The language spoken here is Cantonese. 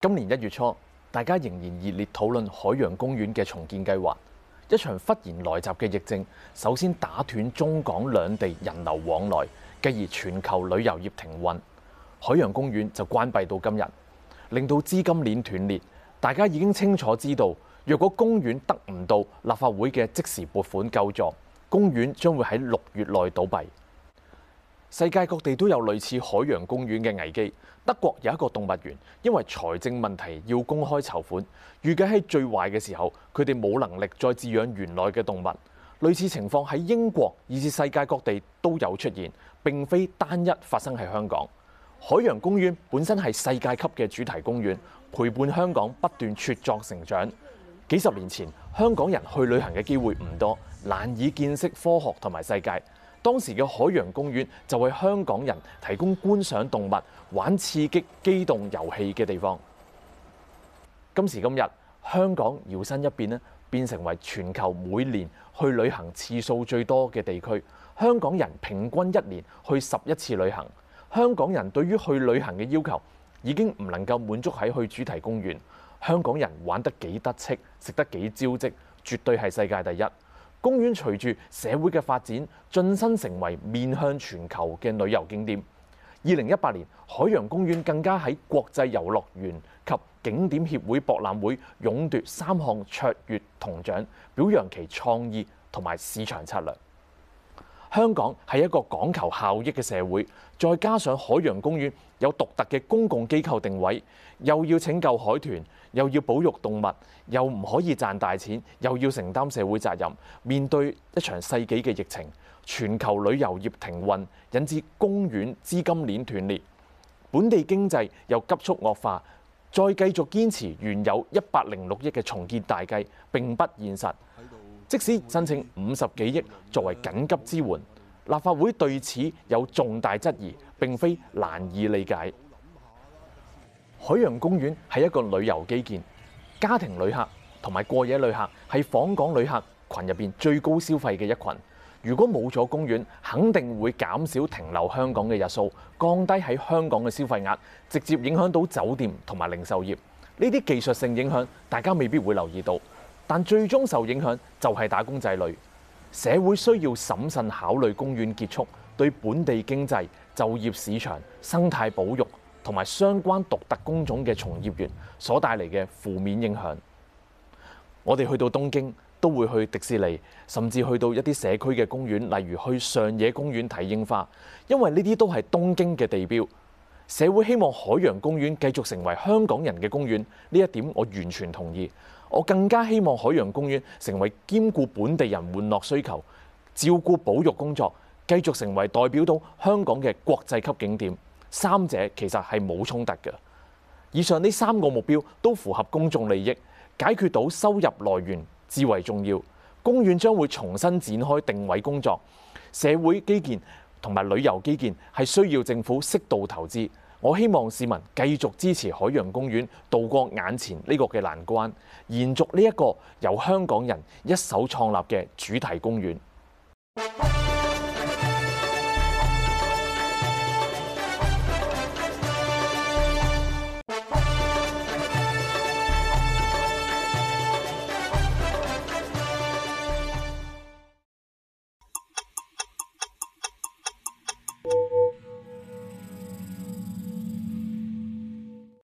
今年一月初，大家仍然熱烈討論海洋公園嘅重建計劃。一場忽然來襲嘅疫症，首先打斷中港兩地人流往來，繼而全球旅遊業停運，海洋公園就關閉到今日，令到資金鏈斷裂。大家已經清楚知道，若果公園得唔到立法會嘅即時撥款救助，公園將會喺六月內倒閉。世界各地都有類似海洋公園嘅危機。德國有一個動物園，因為財政問題要公開籌款，預計喺最壞嘅時候，佢哋冇能力再飼養原來嘅動物。類似情況喺英國以至世界各地都有出現，並非單一發生喺香港。海洋公園本身係世界級嘅主題公園，陪伴香港不斷茁壯成長。幾十年前，香港人去旅行嘅機會唔多，難以見識科學同埋世界。當時嘅海洋公園就為香港人提供觀賞動物、玩刺激機動遊戲嘅地方。今時今日，香港搖身一變呢，變成為全球每年去旅行次數最多嘅地區。香港人平均一年去十一次旅行。香港人對於去旅行嘅要求已經唔能夠滿足喺去主題公園。香港人玩得幾得戚，食得幾招積，絕對係世界第一。公園隨住社會嘅發展，晉身成為面向全球嘅旅遊景點。二零一八年，海洋公園更加喺國際遊樂園及景點協會博覽會，勇奪三項卓越銅獎，表揚其創意同埋市場策略。香港係一個講求效益嘅社會，再加上海洋公園有獨特嘅公共機構定位，又要拯救海豚，又要保育動物，又唔可以賺大錢，又要承擔社會責任。面對一場世紀嘅疫情，全球旅遊業停運，引致公園資金鏈斷裂，本地經濟又急速惡化，再繼續堅持原有一百零六億嘅重建大計，並不現實。即使申請五十幾億作為緊急支援，立法會對此有重大質疑，並非難以理解。海洋公園係一個旅遊基建，家庭旅客同埋過夜旅客係訪港旅客群入面最高消費嘅一群。如果冇咗公園，肯定會減少停留香港嘅日數，降低喺香港嘅消費額，直接影響到酒店同埋零售業。呢啲技術性影響，大家未必會留意到。但最終受影響就係打工仔女，社會需要審慎考慮公園結束對本地經濟、就業市場、生態保育同埋相關獨特工種嘅從業員所帶嚟嘅負面影響。我哋去到東京都會去迪士尼，甚至去到一啲社區嘅公園，例如去上野公園睇櫻花，因為呢啲都係東京嘅地標。社會希望海洋公園繼續成為香港人嘅公園，呢一點我完全同意。我更加希望海洋公園成為兼顧本地人玩樂需求、照顧保育工作，繼續成為代表到香港嘅國際級景點。三者其實係冇衝突嘅。以上呢三個目標都符合公眾利益，解決到收入來源，至為重要。公園將會重新展開定位工作，社會基建，同埋旅遊基建係需要政府適度投資，我希望市民繼續支持海洋公園度過眼前呢個嘅難關，延續呢一個由香港人一手創立嘅主題公園。